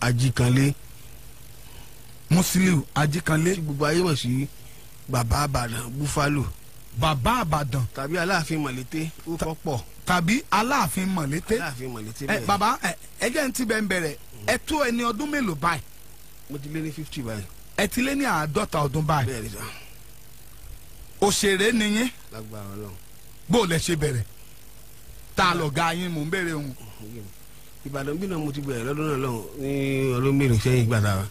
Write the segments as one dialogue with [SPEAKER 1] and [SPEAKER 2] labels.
[SPEAKER 1] ajíkanlé musiliu ajíkanlé tí gbogbo ayé wọ̀ sí bàbá àbàdàn búfálò. bàbá àbàdàn. tàbí aláàfin mọ̀lété ó fọ́pọ̀. tàbí aláàfin mọ̀lété. aláàfin mọ̀lété bẹ́ẹ̀. bàbá ẹ jẹ́ ní ti bẹ́ẹ̀ bẹ̀rẹ̀ ẹ tó ẹni ọdún mélòó báyìí. mo ti lé ní fifty báyìí. ẹ ti lé ní àádọ́ta ọdún báyìí. ni sọ. òṣèré ni yín. lágbára Ọlọ́run. bó o lẹ ṣe bẹ̀rẹ̀ tá a lọ ga yín mò ń bẹ̀rẹ̀ òun ìbàdàn bí náà mo ti bẹ̀rẹ̀ lọ́dún náà lọ́hùn ní ọdún mélòó sẹ́yìn gbàdá wa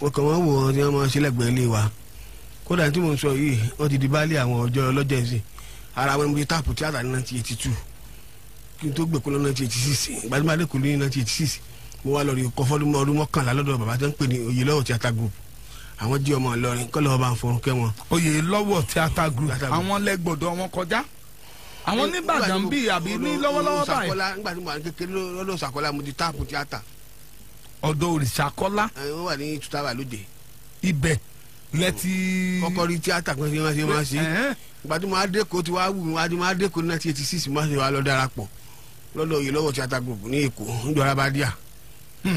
[SPEAKER 1] wọn kàn wọ́n wò ó ní wọ́n máa ṣe lẹ́gbẹ̀ẹ́ ilé wa kódà tí mo ń sọ yìí wọ́n ti di baálé àwọn ọjọ́ ọlọ́jọ́ ẹ̀sìn ara wọn bí táàpù tíátà ní nineteen eighty two kí n tó gbè kó lọ nineteen eighty six gbadumade kò ní nineteen eighty six mo wá lọ rí kọ́ fọ́dún ọdún mọ́kànlá lọ́dọ̀ bàbá tó ń pè ní Oyèlọ́wọ̀ tíátà group àwọn jí ọmọ Ìlọrin kọ́ lọ́wọ́ bá ń fọ́nkẹ́ wọn. Oyèlọ́wọ̀ tíátà group àwọn lẹ́gbọ̀dọ̀ wọn kọjá àwọn nìbàdàn bíi àbí ní lọ́wọ́lọ́wọ́ báyìí. nígbà tí mo wà ní kékeré lọ́dọ̀ Òrìṣàkọ́lá mo di táàpù tíátà. ọ̀dọ̀ Òrìṣàkọ́lá. ó wà ní tutaba lóde. ibẹ̀ lẹ́tí. kọ́kọ́ rí tíátà pé ṣé máa ṣe máa ṣe. ìgbà tí mo adéko ti wá wù mí wá di mo adéko ní nineteen eighty six mo ṣe wá lọ darapọ̀ lọ́dọ̀ yìí lọ́wọ́ tíátà group ní Èkó níjọra bá díà.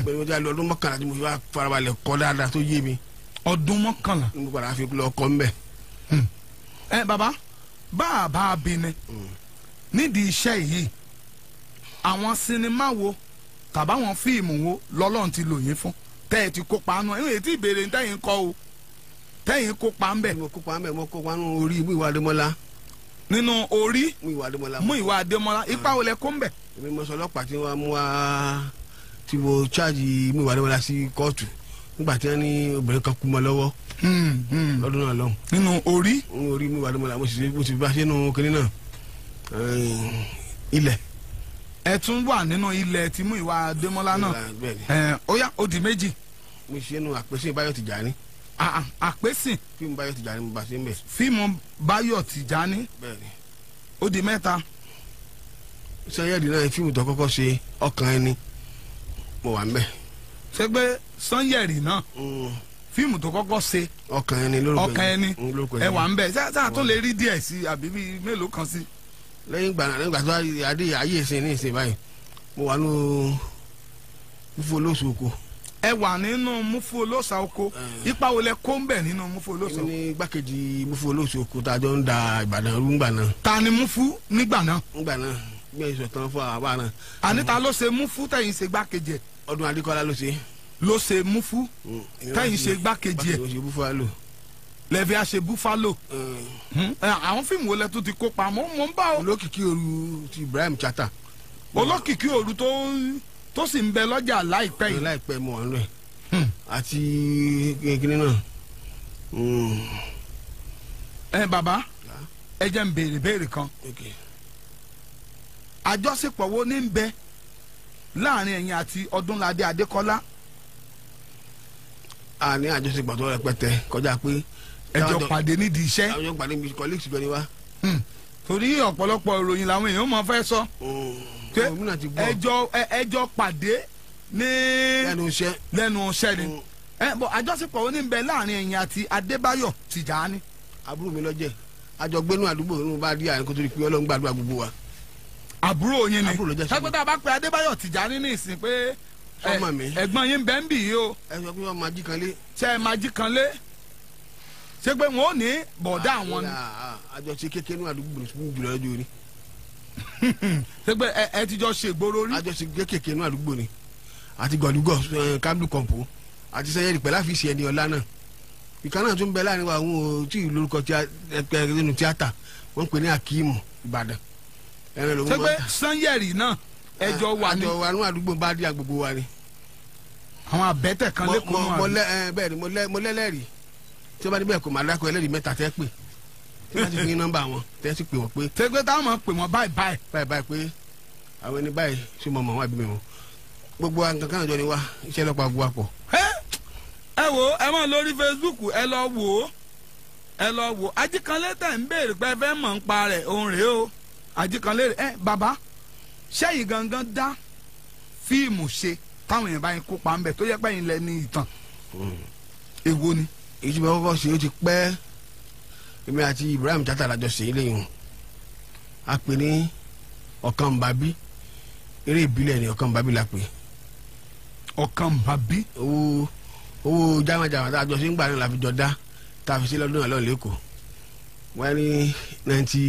[SPEAKER 1] pẹ̀lú ọjà lọ́dún mọ́kànlá tí mo fi wá farabalẹ̀ kọ́ dáadáa tó yé mi. ọdún mọ́kànlá. mo padà fi lọ kọ́ ń bẹ̀. ẹ bá a bá a bí ni nídìí iṣẹ́ yìí àwọn sinimá wo tàbáwọn fíìmù wo lọ́lọ́run ti lò yín fún tẹ́ ẹ ti kópa nù ẹ̀yìn ètí ìbéèrè tẹ́yìn kọ́ o tẹ́yìn kópa ń bẹ̀. mo kópa ń bẹ̀ mo kópa nù orí mú ìwà adémọ́lá. nínú orí mú ìwà adémọ́lá mú ìwà adémọ́lá ipa wo lẹ kó ń bẹ̀. èmi mọ sọ ọlọ́pàá tí wọ́n mú wa tí mo ṣáàjì mú ìwà adémọ́lá sí kóòtù nígbà tí wọ́n ní obìnrin kan kú mọ́ lọ́wọ́ hmm, hmm. lọ́dún náà lọ́hùn. nínú orí. orí mú ìwà adémọ́lá mo sì bá ṣe nù kinní náà. Eh, ilẹ̀ ẹ tún wà nínú ilẹ̀ tí mú ìwà Adémọ́lá náà eh, ó yá ó di méjì. mo ṣe nu àpèsè Báyọ̀ Tìjàní. Ah, ah, àpèsè. fíìmù Báyọ̀ Tìjàní mo bá ṣe ń bẹ̀. fíìmù Báyọ̀ Tìjàní. ó di mẹ́ta. Sanyẹ́rì náà fíìmù tó kọ́kọ́ ṣe ọkàn ẹni mo wà ń bẹ̀. ṣé pé Sanyẹ́rì náà mm. fíìmù tó kọ́kọ́ ṣe ọkàn ẹni lórúkọ ẹni ẹ wà ń bẹ̀ ṣáà tó lè rí díẹ̀ sí àbí mélòó kan sí lẹ́yìn ìgbà náà nígbà tó adé ayé ìsìn ní ìsìn báyìí mo wà nínú mufu olóòsà oko. ẹ wà nínú mufu olóòsà oko eh. ipa wo lẹ kó ń bẹ nínú mufu olóòsà oko. ní gbàkejì mufu olóòsà oko tá a jọ ń da Ìbàdàn rú ngbà náà. ta ni mufu nígbà náà. ngbà náà gbé ìṣọ̀ tán fún àwa náà. àníta ló ṣe mufu tẹ̀yìn ṣe gbàkejì ẹ̀. ọdún Adékọ́lá ló ṣe. ló ṣe mufu mm, tẹ̀yìn ṣe gbàkejì ẹ̀. bákejì ó ṣe mufu á lẹ́fẹ̀ẹ́ àṣẹ buffalo mm. hmm? eh, àwọn fíìmù wo lẹ tún ti kópa mọ́ mọ́ ń bá o. olókìkí ooru ti Ibrahim Chata. olókìkí ooru tó tó sì ń bẹ lọ́jà láìpẹ́ yìí. láìpẹ́ mọ̀ ọ́n rẹ̀ àti kíni náà. ẹ hmm. eh, bàbá ẹ jẹ́ n béèrè béèrè kan àjọṣepọ̀ wo ní ń bẹ láàrin ẹ̀yin àti Ọdúnládé Adékọ́lá. a ní àjọṣepọ̀ tó rẹpẹtẹ kọjá pé
[SPEAKER 2] ẹjọ pàdé
[SPEAKER 1] nídìí iṣẹ́. àwọn pàdé mi colleagues jọ ni wa. Hmm. torí ọ̀pọ̀lọpọ̀ ìròyìn làwọn èèyàn máa fẹ́ sọ. Oh, ẹjọ ẹjọ pàdé ní lẹ́nu iṣẹ́ lẹ́nu iṣẹ́ ni. Oh. bọ àjọṣepọ̀ wo ni ń bẹ láàrin ẹ̀yin àti Adébáyọ̀ Tìjàní. àbúrò mi lọ́jẹ̀ àjọgbénú àdúgbò ló bá rí àyànkó torí pé Ọlọ́run gbàdúrà gbogbo wa. àbúrò yín ni sápẹ́tà bá pe Adébáyọ̀ Tìjàní ní ìsìn pé ẹ̀gbọ́n yín bẹ́ẹ̀ ń bì yìí o. ẹ sọ pé wọ́n máa jí kan lé. ṣé ẹ máa jí kan lé ṣé pé wọn ò ní bọ̀dá ah, àwọn ni. Ah, àjọṣe kékeré ní àdúgbò jùlọ lọ́jọ́ orí. ṣé pé ẹ ti jọ ṣe ìgboro rí. àjọṣe kékeré ní àdúgbò ni àti gbọ̀dúgọ̀ kábílù kọ̀ǹpó àti sẹ́yẹ́rì pẹ̀lú àfíìsì ẹni ọ̀la náà ìkan náà tún bẹ láàrin wa àwọn tí lórúkọ nínú tíátà wọ́n pè ní akíìmù ìbàdàn. ṣé pé náà ẹjọ́ wà ní. àjọ àrùn àdúgbò bá dí àgbègbè wa ni. àwọn àbẹ́tẹ̀ kan lẹ́kọ̀ọ́ wọn. mo lẹ́lẹ́rìí tí ó bá débẹ̀ kò máa dákọ̀ ẹlẹ́rìí mẹ́ta tẹ́ pè tí wọ́n ti fi nọ́mbà wọn tẹ́ sì pè wọ́n pé. tẹ́gbẹ́ táwọn máa pè wọ́n báyìí báyìí. báyìí báyìí pé àwọn ẹni báyìí ṣé mo mọ̀ wọ́n àbí mi mọ̀ gbogbo nǹkan kan jọ ni wá iṣẹ́ lọ́pàá gbọ́ àpọ̀. ẹ wo ẹ mọ lórí Facebook ẹ lọ wò ó ẹ lọ wò ó ajíkanlé tẹ̀ ń béèrè pé ẹ fẹ́ mọ̀ ń pa rẹ̀ òun rèé o ajíkanlé ẹ bàbá ṣẹ́yìn gangan dá fíìmù ṣe táwọn èèyàn bá yín kópa ńbẹ tó yẹ pé yín ní ìtàn hmm. èwo ni. Mm èyí tí mo kọ́kọ́ ṣe ó ti pẹ́ èmi àti Ibrahim Tata la jọ ṣe é léyìn a pè ní Ọ̀kànbábí eré ìbílẹ̀ ní Ọ̀kànbábí la pè. Ọ̀kànbábí. owó owó jámàjàmà tá a jọ ṣe ń gbà náà la fi jọ dá tá a fi ṣe lọ́dún náà lọ́ọ̀ lẹ́kọ̀ọ́ wọ́n ní ninety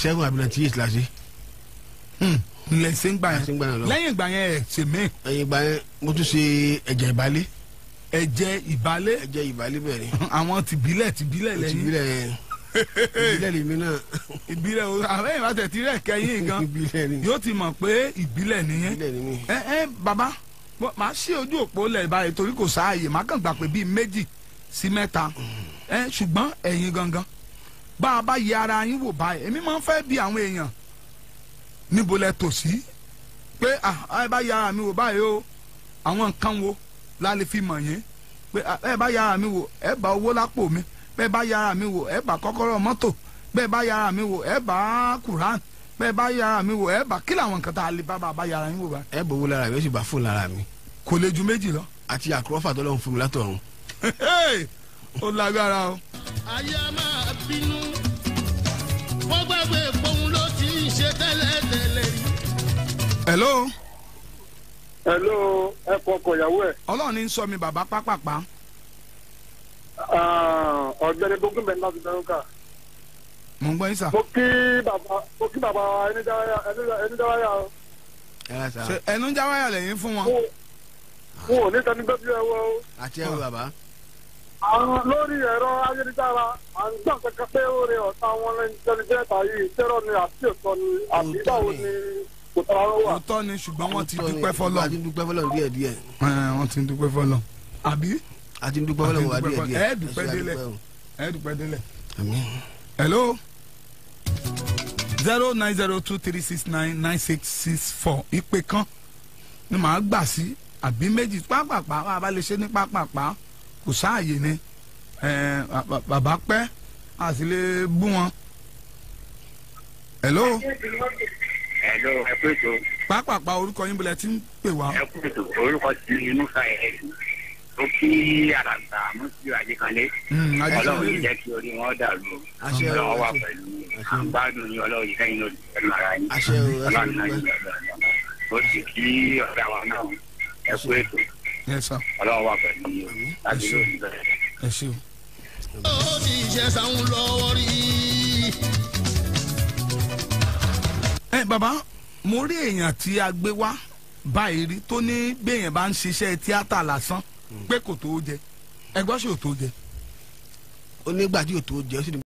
[SPEAKER 1] seven àbí ninety eight la ṣe hmm, lẹ́sìn gbà yẹn lẹ́yìn gbà yẹn ẹ̀ ṣe mí. ẹ̀yìn gbà yẹn mo tún ṣe ẹ̀jẹ̀ ìbálẹ̀ ẹ̀jẹ̀ ìbálẹ̀ ẹ̀jẹ̀ ìbálẹ̀ bẹ̀rẹ̀ àwọn tìbílẹ̀ tìbílẹ̀ lẹ́yìn tìbílẹ̀ yẹn ìbílẹ̀ lèmi náà. ìbílẹ̀ o àbẹ́ ìwà tẹ̀ tirẹ̀ kẹ́yìn gan yóò ti mọ̀ pé ìbílẹ̀ nìyẹn ẹ ẹ baba màá ṣí ojú òpó lẹ̀ báyìí torí kò sáàyè màá kàn gbà pé bíi méjì sí mẹ́ta ẹ ṣùgbọ́n ẹ̀yin gangan bá a bá yẹ ara yín wò báyìí èmi máa ń fẹ́ bi àwọn èèyàn níbo lẹ tò sí pé ẹ bá yẹ ara mi wò báyìí o àwọn nǹkan wo lálẹ́ fi mọ̀ yín pé ẹ bá yára mi wò ẹ bá owó lápò mi bẹ́ẹ̀ bá yára mi wò ẹ bá kọ́kọ́rọ́ mọ́tò bẹ́ẹ̀ bá yára mi wò ẹ bá kùrán bẹ́ẹ̀ bá yára mi wò ẹ bá kí làwọn nǹkan tá a lè bá bá yára yín wò bá. ẹ bò wó lára mi ó sì bá fóònù lára mi. kò lè ju méjì lọ. àti àkúrọ́fà tó lọ́hùn fún mi látọ̀run. ó lágbára o. ayé a máa bínú wọ́n gbàgbé pòun ló ti ń ṣe tẹ́lẹ̀ tẹ́lẹ̀ hello hello ẹ kọ ọkọ ìyàwó ẹ. ọlọ́run ní sọ mi bàbá pápápá. Ah, ọ̀gbẹ́ni gbogbo mẹ́rin láti bẹ̀rù ká. mo ń gbọ́ yín sà. mo kí bàbá mo kí bàbá ẹni dáwáyà o. ṣe ẹnu dáwáyà lẹ́yìn fún wọn. n ò ní sani bẹ́ẹ̀ bí ẹ wọ o. àti ẹ wo bàbá. àwọn lórí ẹ̀rọ ayélujára à ń gbà kankan pé ó rẹ ọ̀tá wọn lẹ́yìn tẹ́lifíẹ́ta yìí tẹ́rọ ni àti òtọ́ ni àbí òkúta ọ̀rọ̀ ni ṣùgbọ́n wọ́n ti dúpẹ́ fọlọ́. wọ́n dúpẹ́ fọlọ́ díẹ̀ díẹ̀. wọ́n ti dúpẹ́ fọlọ́ àbí. a dúpẹ́ fọlọ́ wà díẹ̀ díẹ̀. ẹ dúpẹ́ délẹ̀ ẹ dúpẹ́ délẹ̀. hello zero nine zero two three six nine nine six six four ìpè kan ni màá gbà sí àbí méjì pápápá a bá lè ṣe ní pápápá kò sáàyè ni bàbá pẹ́ àti lè bú wọn. hello. hello? ẹjọ ẹ kú ètò. pàápàá orúkọ yín bọ̀lẹ̀ tí ń pè wá. ẹ kú ètò orúkọ tí inú ka ẹ̀ ó kí àràgbà mọ́sílẹ̀ àjẹkálẹ̀ hmm, ọlọ́run yìí jẹ́ kí orí wọn dàrú ọlọ́run wà pẹ̀lú àgbàdo ní ọlọ́run yìí lẹ́yìn lórí ẹnu ara yín ọlọ́run náà yìí lọ́dọ̀ ó sì kí ọ̀dà wa náà ẹ kú ètò ọlọ́run wà pẹ̀lú láti lórí bẹ́ẹ̀. ó ti ṣe sáwọn lọ́wọ́ rí. ẹ eh, bàbá mo rí èèyàn tí a gbé wá báyìí rí tó ní béèyàn bá ń ṣiṣẹ́ tíátà lásán pé kò tó jẹ ẹgbọ́n sì ò tó jẹ. onígbàdí ò tó jẹ ó sì ní.